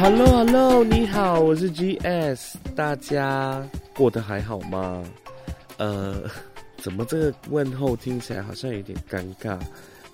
Hello，Hello，hello，你好，我是 GS，大家過得還好嗎？呃，怎麼這個問候聽起來好像有點尷尬？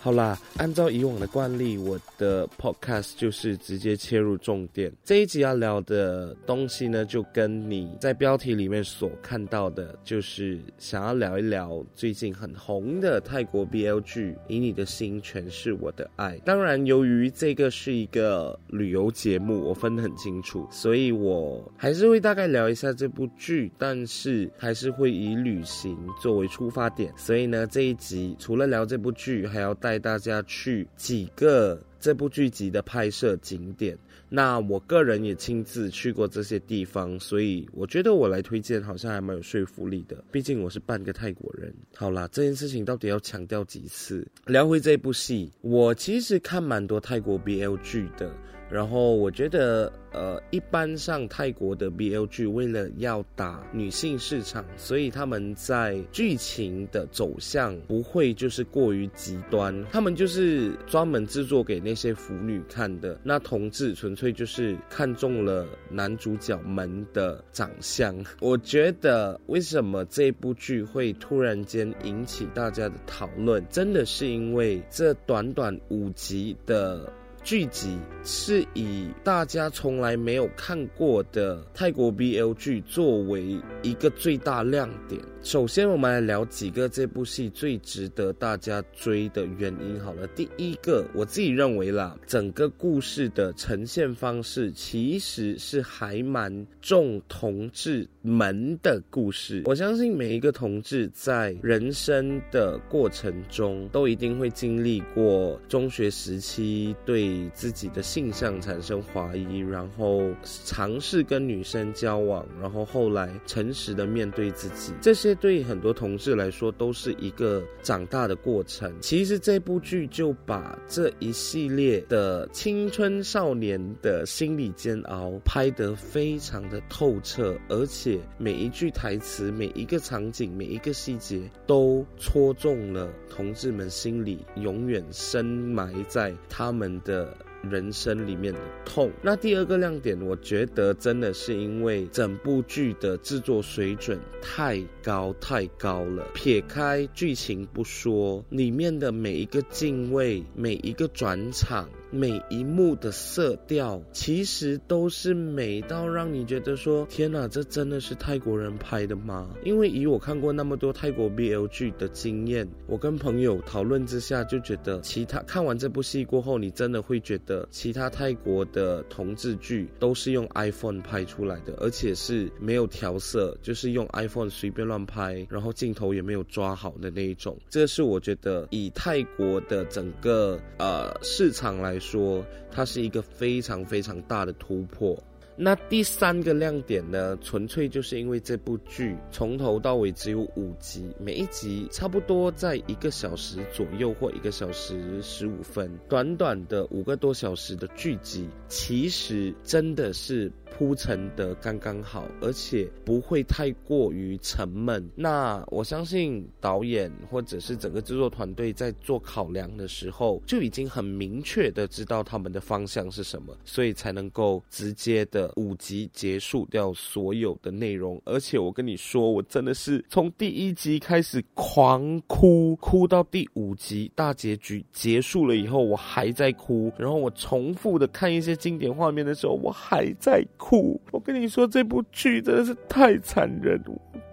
好啦，按照以往的慣例，我的 podcast 就是直接切入重點。這一集要聊的東西呢，就跟你在標題裡面所看到的，就是想要聊一聊最近很紅的泰國 BL 劇《以你的心詮釋我的愛》。當然，由於這個是一個旅遊節目，我分得很清楚，所以我還是會大概聊一下這部劇，但是還是會以旅行作為出發點。所以呢，這一集除了聊這部劇，還要帶。帶大家去幾個這部劇集的拍攝景點，那我個人也親自去過這些地方，所以我覺得我來推薦好像還蠻有說服力的，畢竟我是半個泰國人。好了，這件事情到底要強調幾次？聊回這部戲，我其實看蠻多泰國 BL 劇的。然後我覺得，呃，一般上泰國的 BL 劇為了要打女性市場，所以他們在劇情的走向不會就是過於極端，他們就是專門制作給那些腐女看的。那同志純粹就是看中了男主角們的長相。我覺得為什麼這部劇會突然間引起大家的討論，真的是因為這短短五集的。劇集是以大家從來沒有看過的泰國 BL 劇作為一個最大亮點。首先，我們來聊幾個這部戲最值得大家追的原因。好了，第一個，我自己認為啦，整個故事的呈現方式其實是還蠻重同志們的故事。我相信每一個同志在人生的過程中，都一定會經歷過中學時期對自己的性向產生懷疑，然後嘗試跟女生交往，然後後來誠實的面對自己這些。對很多同志來說，都是一個長大的過程。其實這部劇就把這一系列的青春少年的心理煎熬拍得非常的透徹，而且每一句台詞、每一個場景、每一個細節都戳中了同志們心裡，永遠深埋在他們的。人生裡面的痛。那第二個亮點，我覺得真的是因為整部劇的製作水準太高太高了。撇開劇情不說，裡面的每一個鏡位，每一個轉場。每一幕的色調其實都是美到讓你覺得說天哪，這真的是泰國人拍的嗎？因為以我看過那麼多泰國 BL 劇的經驗，我跟朋友討論之下就覺得，其他看完這部戲過後，你真的會覺得其他泰國的同志劇都是用 iPhone 拍出來的，而且是沒有調色，就是用 iPhone 隨便亂拍，然後鏡頭也沒有抓好的那一種。這是我覺得以泰國的整個呃市場來說。說它是一個非常非常大的突破。那第三個亮點呢，純粹就是因為這部劇從頭到尾只有五集，每一集差不多在一個小時左右或一個小時十五分，短短的五個多小時的劇集，其實真的是鋪陳的剛剛好，而且不會太過於沉悶。那我相信導演或者是整個製作團隊在做考量的時候，就已經很明確的知道他們的方向是什麼，所以才能夠直接的。五集結束掉所有的內容，而且我跟你說，我真的是從第一集開始狂哭，哭到第五集大結局結束了以後，我還在哭。然後我重複的看一些經典畫面的時候，我還在哭。我跟你說，這部劇真的是太殘忍，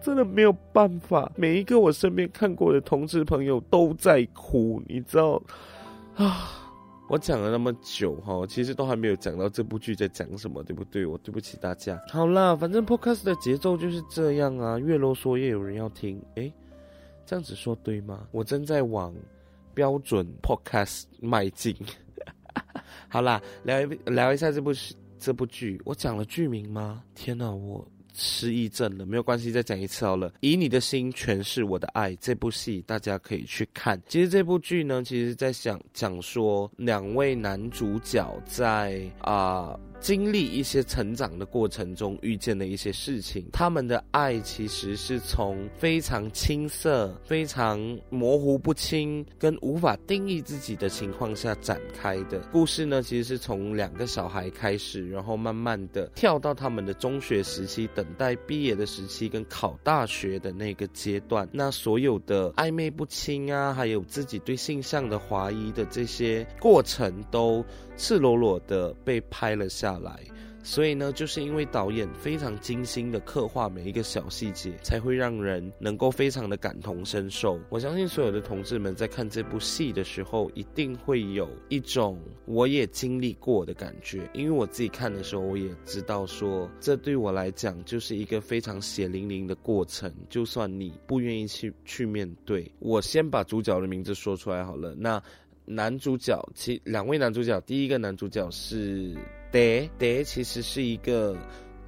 真的沒有辦法。每一個我身邊看過的同事朋友都在哭，你知道？啊。我講了那麼久哈、哦，其實都還沒有講到這部劇在講什麼，對不對？我對不起大家。好了，反正 podcast 的節奏就是這樣啊，越囉嗦越有人要聽。誒，這樣子說對嗎？我正在往標準 podcast 邁進。 好啦，聊一聊一下這部這部劇，我講了劇名嗎？天哪，我。失憶症了，沒有關係，再講一次好了。以你的心詮釋我的愛，這部戲大家可以去看。其實這部劇呢，其實在講講說兩位男主角在啊、呃、經歷一些成長的過程中遇見的一些事情。他們的愛其實是從非常青澀、非常模糊不清、跟無法定義自己的情況下展開的。故事呢，其實是從兩個小孩開始，然後慢慢的跳到他們的中學時期的。等待畢業的時期跟考大學的那個階段，那所有的曖昧不清啊，還有自己對性向的懷疑的這些過程，都赤裸裸的被拍了下來。所以呢，就是因為導演非常精心的刻畫每一個小細節，才會讓人能夠非常的感同身受。我相信所有的同志們在看這部戲的時候，一定會有一種我也經歷過的感覺。因為我自己看的時候，我也知道說，這對我來講就是一個非常血淋淋的過程。就算你不願意去去面對，我先把主角的名字說出來好了。那男主角，其實兩位男主角，第一個男主角是。爹其實是一個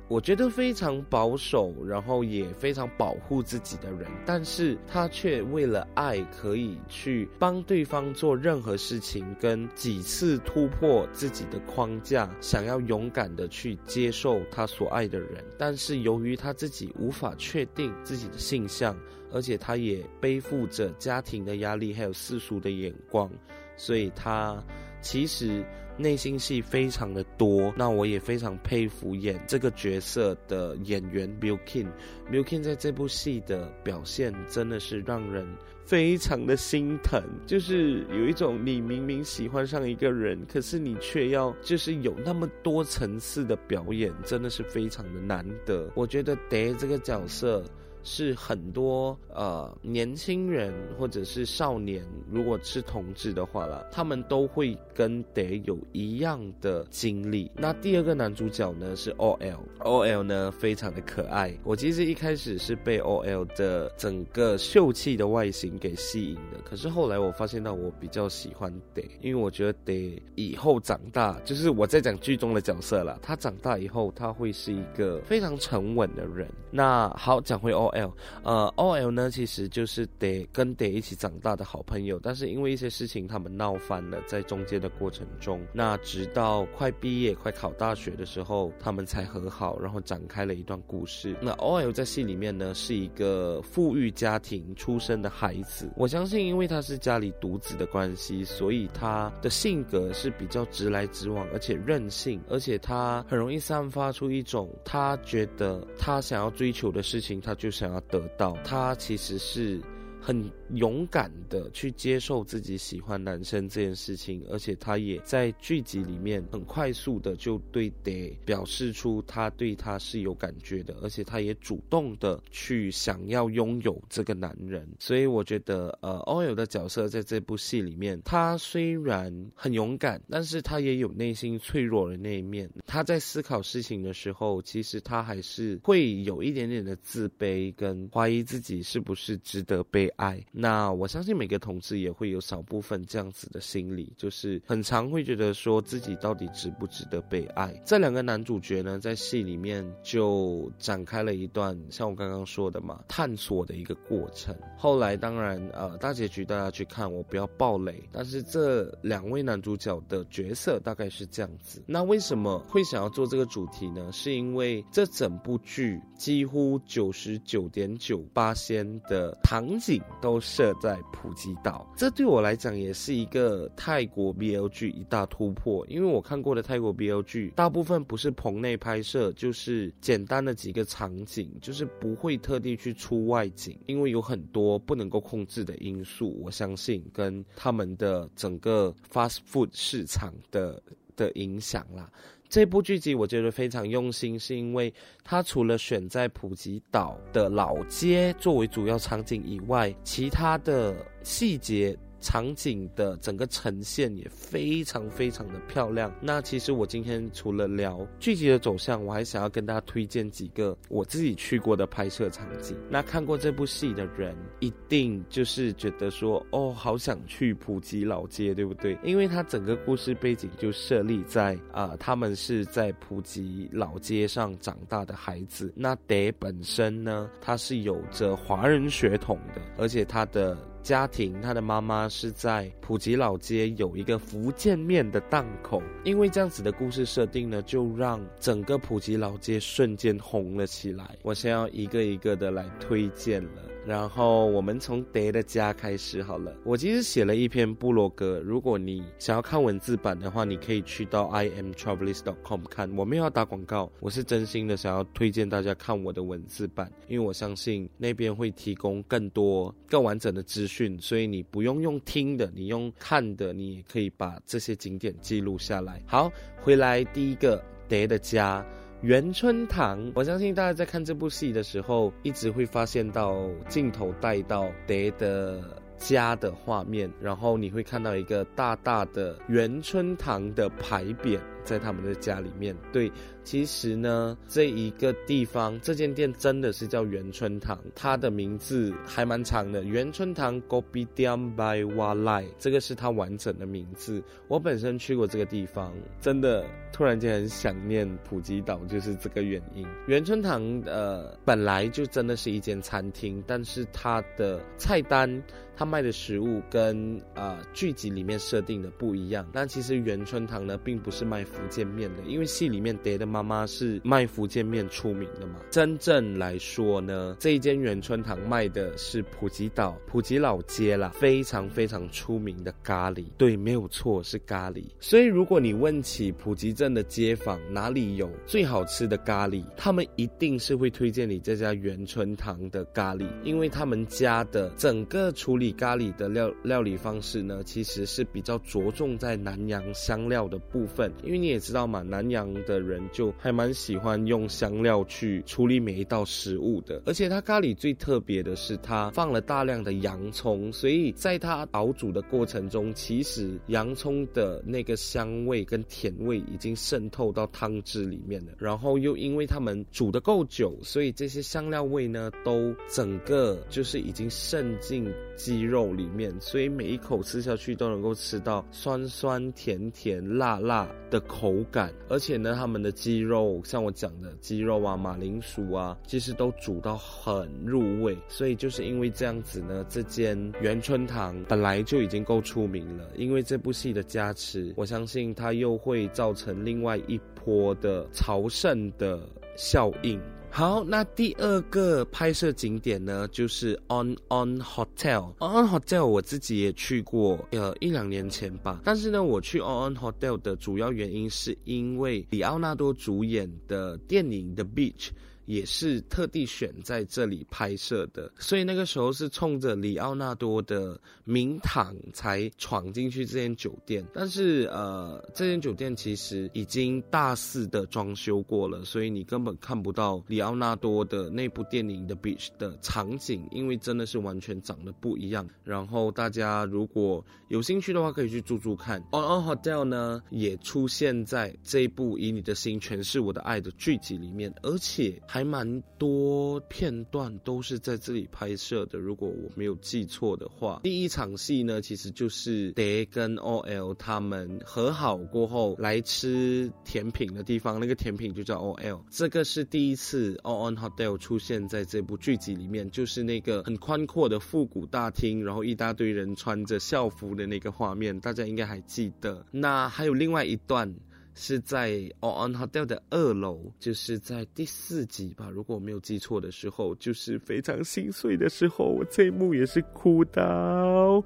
我覺得非常保守，然後也非常保護自己的人，但是他卻為了愛可以去幫對方做任何事情，跟幾次突破自己的框架，想要勇敢地去接受他所愛的人，但是由於他自己無法確定自己的性向，而且他也背負着家庭的壓力，還有世俗的眼光，所以他其實內心戲非常的多，那我也非常佩服演這個角色的演員 Billkin。Billkin 在這部戲的表現真的是讓人非常的心疼，就是有一種你明明喜歡上一個人，可是你卻要就是有那麼多層次的表演，真的是非常的難得。我覺得 Dad 這個角色。是很多呃，年輕人或者是少年，如果是同志的話啦，他們都會跟得有一樣的經歷。那第二個男主角呢是 OL，OL OL 呢非常的可愛。我其實一開始是被 OL 的整個秀氣的外形給吸引的，可是後來我發現到我比較喜歡得，因為我覺得得以後長大，就是我在講劇中的角色啦，他長大以後，他會是一個非常沉穩的人。那好，講回 OL。l 呃，OL 呢其實就是得跟得一起長大的好朋友，但是因為一些事情他們鬧翻了，在中間的過程中，那直到快畢業、快考大學的時候，他們才和好，然後展開了一段故事。那 OL 在戲裡面呢是一個富裕家庭出生的孩子，我相信因為他是家裡獨子的關係，所以他的性格是比較直來直往，而且任性，而且他很容易散發出一種他覺得他想要追求的事情，他就想。想要得到他其實是很。勇敢的去接受自己喜歡男生這件事情，而且他也在劇集裡面很快速的就對他表示出他對他是有感覺的，而且他也主動的去想要擁有這個男人。所以我覺得，呃，Oh-aew 的角色在這部戲裡面，他雖然很勇敢，但是他也有內心脆弱的那一面。他在思考事情的時候，其實他還是會有一點點的自卑，跟懷疑自己是不是值得被愛。那我相信每個同志也會有少部分這樣子的心理，就是很常會覺得說自己到底值不值得被愛。這兩個男主角呢，在戲裡面就展開了一段像我剛剛說的嘛，探索的一個過程。後來當然，呃，大結局大家去看，我不要爆雷。但是這兩位男主角的角色大概是這樣子。那為什麼會想要做這個主題呢？是因為這整部劇幾乎九十九點九巴仙的場景都是。設在普吉島，這對我來講也是一個泰國 BL 劇一大突破。因為我看過的泰國 BL 劇大部分不是棚內拍攝，就是簡單的幾個場景，就是不會特地去出外景，因為有很多不能夠控制的因素。我相信跟他們的整個 fast food 市場的的影響啦。這部劇集我覺得非常用心，是因為它除了選在普吉島的老街作為主要場景以外，其他的細節。場景的整個呈現也非常非常的漂亮。那其實我今天除了聊劇集的走向，我還想要跟大家推薦幾個我自己去過的拍攝場景。那看過這部戲的人一定就是覺得說，哦，好想去普吉老街，對不對？因為他整個故事背景就設立在啊、呃，他們是在普吉老街上長大的孩子。那德本身呢，他是有着華人血統的，而且他的。家庭，他的媽媽是在普吉老街有一個福建麵的檔口，因為這樣子的故事設定呢，就讓整個普吉老街瞬間紅了起來，我先要一個一個的來推薦了。然後我們從爹的家開始好了。我其實寫了一篇部落格，如果你想要看文字版的話，你可以去到 imtravelist.com 看。我沒有打廣告，我是真心的想要推薦大家看我的文字版，因為我相信那邊會提供更多更完整的資訊。所以你不用用聽的，你用看的，你也可以把這些景點記錄下來。好，回來第一個爹的家。元春堂，我相信大家在看這部戲的時候，一直會發現到鏡頭帶到爹的家的畫面，然後你會看到一個大大的元春堂的牌匾在他們的家裡面，對，其實呢，這一個地方，這間店真的是叫元春堂，它的名字還蠻長的，元春堂 Kopitiam by Wilai 這個是它完整的名字。我本身去過這個地方，真的突然間很想念普吉島，就是這個原因。元春堂呃，本來就真的是一間餐廳，但是它的菜單，它賣的食物跟呃劇集裡面設定的不一樣。但其實元春堂呢，並不是賣。福建面的，因為戲裡面爹的媽媽是賣福建面出名的嘛。真正來說呢，這一間元春堂賣的是普吉島普吉老街啦，非常非常出名的咖喱。對，沒有錯，是咖喱。所以如果你問起普吉鎮的街坊哪裡有最好吃的咖喱，他們一定是會推薦你這家元春堂的咖喱，因為他們家的整個處理咖喱的料料理方式呢，其實是比較着重在南洋香料的部分，因為。你也知道嘛，南洋的人就還蠻喜歡用香料去處理每一道食物的，而且他咖喱最特別的是他放了大量的洋蔥，所以在他熬煮的過程中，其實洋蔥的那個香味跟甜味已經滲透到湯汁裡面了，然後又因為他們煮得夠久，所以這些香料味呢都整個就是已經滲進雞肉裡面，所以每一口吃下去都能夠吃到酸酸甜甜辣辣的口感。而且呢，他們的雞肉，像我講的雞肉啊、馬鈴薯啊，其實都煮到很入味。所以就是因為這樣子呢，這間元春堂本來就已經夠出名了，因為這部戲的加持，我相信它又會造成另外一波的朝聖的效應。好，那第二個拍攝景點呢，就是 On On Hotel。On On Hotel 我自己也去過，呃，一兩年前吧。但是呢，我去 On On Hotel 的主要原因是因為李奧納多主演的電影《The Beach》。也是特地選在這裡拍攝的，所以那個時候是衝着里奧納多的名堂才闖進去這間酒店。但是呃，這間酒店其實已經大肆的裝修過了，所以你根本看不到里奧納多的那部電影《The Beach》的場景，因為真的是完全長得不一樣。然後大家如果有興趣的話，可以去住住看。On On Hotel 呢，也出現在這一部《以你的心詮釋我的愛》的劇集裡面，而且，還蠻多片段都是在這裡拍攝的，如果我沒有記錯的話，第一場戲呢，其實就是蝶跟 OL 他們和好過後來吃甜品的地方，那個甜品就叫 OL，這個是第一次 All On Hotel 出現在這部劇集裡面，就是那個很寬闊的復古大廳，然後一大堆人穿着校服的那個畫面，大家應該還記得。那還有另外一段。是在 On Hotel 的二樓，就是在第四集吧，如果我沒有記錯的時候，就是非常心碎的時候，我這一幕也是哭到，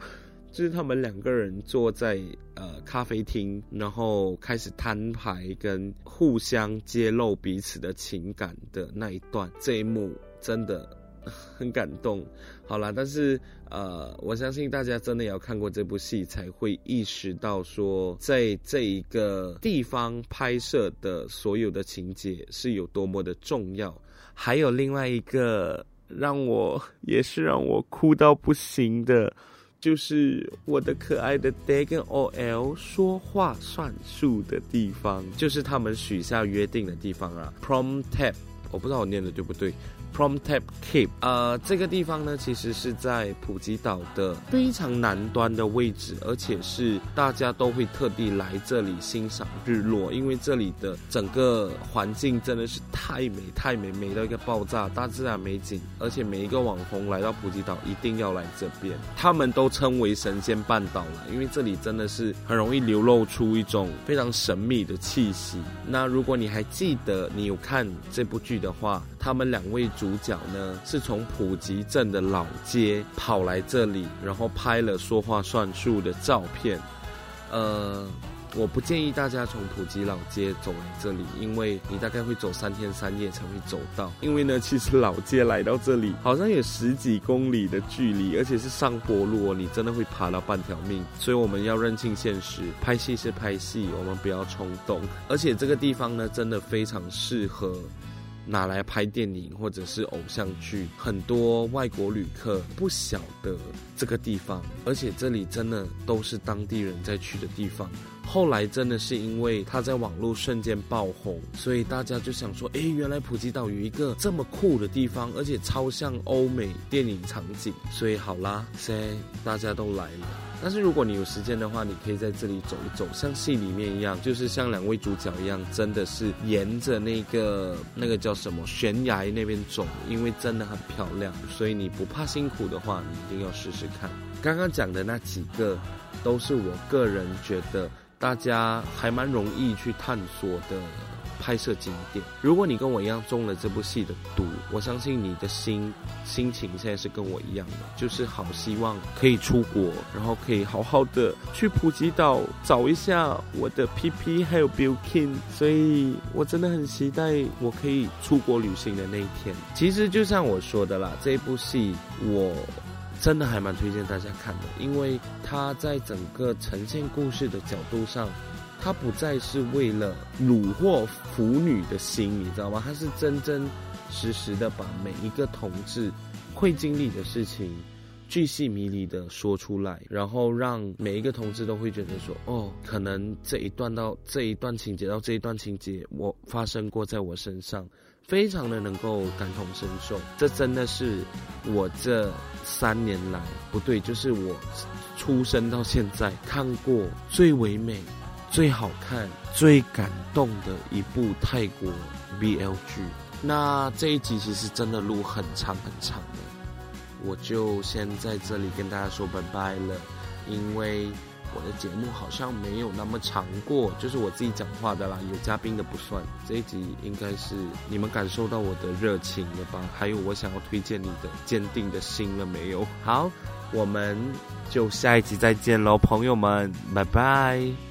就是他們兩個人坐在呃咖啡廳，然後開始攤牌跟互相揭露彼此的情感的那一段，這一幕真的。很感動，好啦，但是呃，我相信大家真的要看過這部戲才會意識到，說在這一個地方拍攝的所有的情節是有多麼的重要。還有另外一個讓我也是讓我哭到不行的，就是我的可愛的 Dagon OL 說話算數的地方，就是他們許下約定的地方啊，Prom Tap，我不知道我念的對不對。Promthep Cape，呃、uh,，這個地方呢，其實是在普吉島的非常南端的位置，而且是大家都會特地來這裡欣賞日落，因為這裡的整個環境真的是太美太美，美到一個爆炸，大自然美景。而且每一個網紅來到普吉島，一定要來這邊，他們都稱為神仙半島了，因為這裡真的是很容易流露出一種非常神秘的氣息。那如果你還記得你有看這部劇的話，他們兩位主角呢，是從普吉鎮的老街跑來這裡，然後拍了說話算數的照片。呃，我不建議大家從普吉老街走來這裡，因為你大概會走三天三夜才會走到。因為呢，其實老街來到這裡好像有十幾公里的距離，而且是上坡路哦，你真的會爬到半條命。所以我們要認清現實，拍戲是拍戲，我們不要衝動。而且這個地方呢，真的非常適合。拿來拍電影或者是偶像劇，很多外國旅客不曉得這個地方，而且這裡真的都是當地人在去的地方。後來真的是因為他在網絡瞬間爆紅，所以大家就想說，誒原來普吉島有一個這麼酷的地方，而且超像歐美電影場景。所以好啦，現在大家都來了。但是如果你有時間的話，你可以在這裡走一走，像戲裡面一樣，就是像兩位主角一樣，真的是沿着那個那個叫什麼懸崖那邊走，因為真的很漂亮。所以你不怕辛苦的話，你一定要試試看。剛剛講的那幾個，都是我個人覺得。大家還蠻容易去探索的拍攝景點。如果你跟我一樣中了這部戲的毒，我相信你的心心情現在是跟我一樣的，就是好希望可以出國，然後可以好好的去普吉島找一下我的 PP 還有 Billkin。所以我真的很期待我可以出國旅行的那一天。其實就像我說的啦，這一部戲我。真的還蠻推薦大家看的，因為他在整個呈現故事的角度上，他不再是為了虜獲腐女的心，你知道嗎？他是真真實實的把每一個同志會經歷的事情，巨細靡遺的說出來，然後讓每一個同志都會覺得說，哦，可能這一段到這一段情節到這一段情節，我發生過在我身上。非常的能夠感同身受，這真的是我這三年來，不對，就是我出生到現在看過最唯美，最好看、最感動的一部泰國 BL 劇。那這一集其實真的錄很長很長的，我就先在這裡跟大家說拜拜了，因為。我的節目好像沒有那麼長過，就是我自己講話的啦，有嘉賓的不算。這一集應該是你們感受到我的熱情了吧？還有我想要推薦你的景點記了沒有？好，我們就下一集再見嘍，朋友們，拜拜。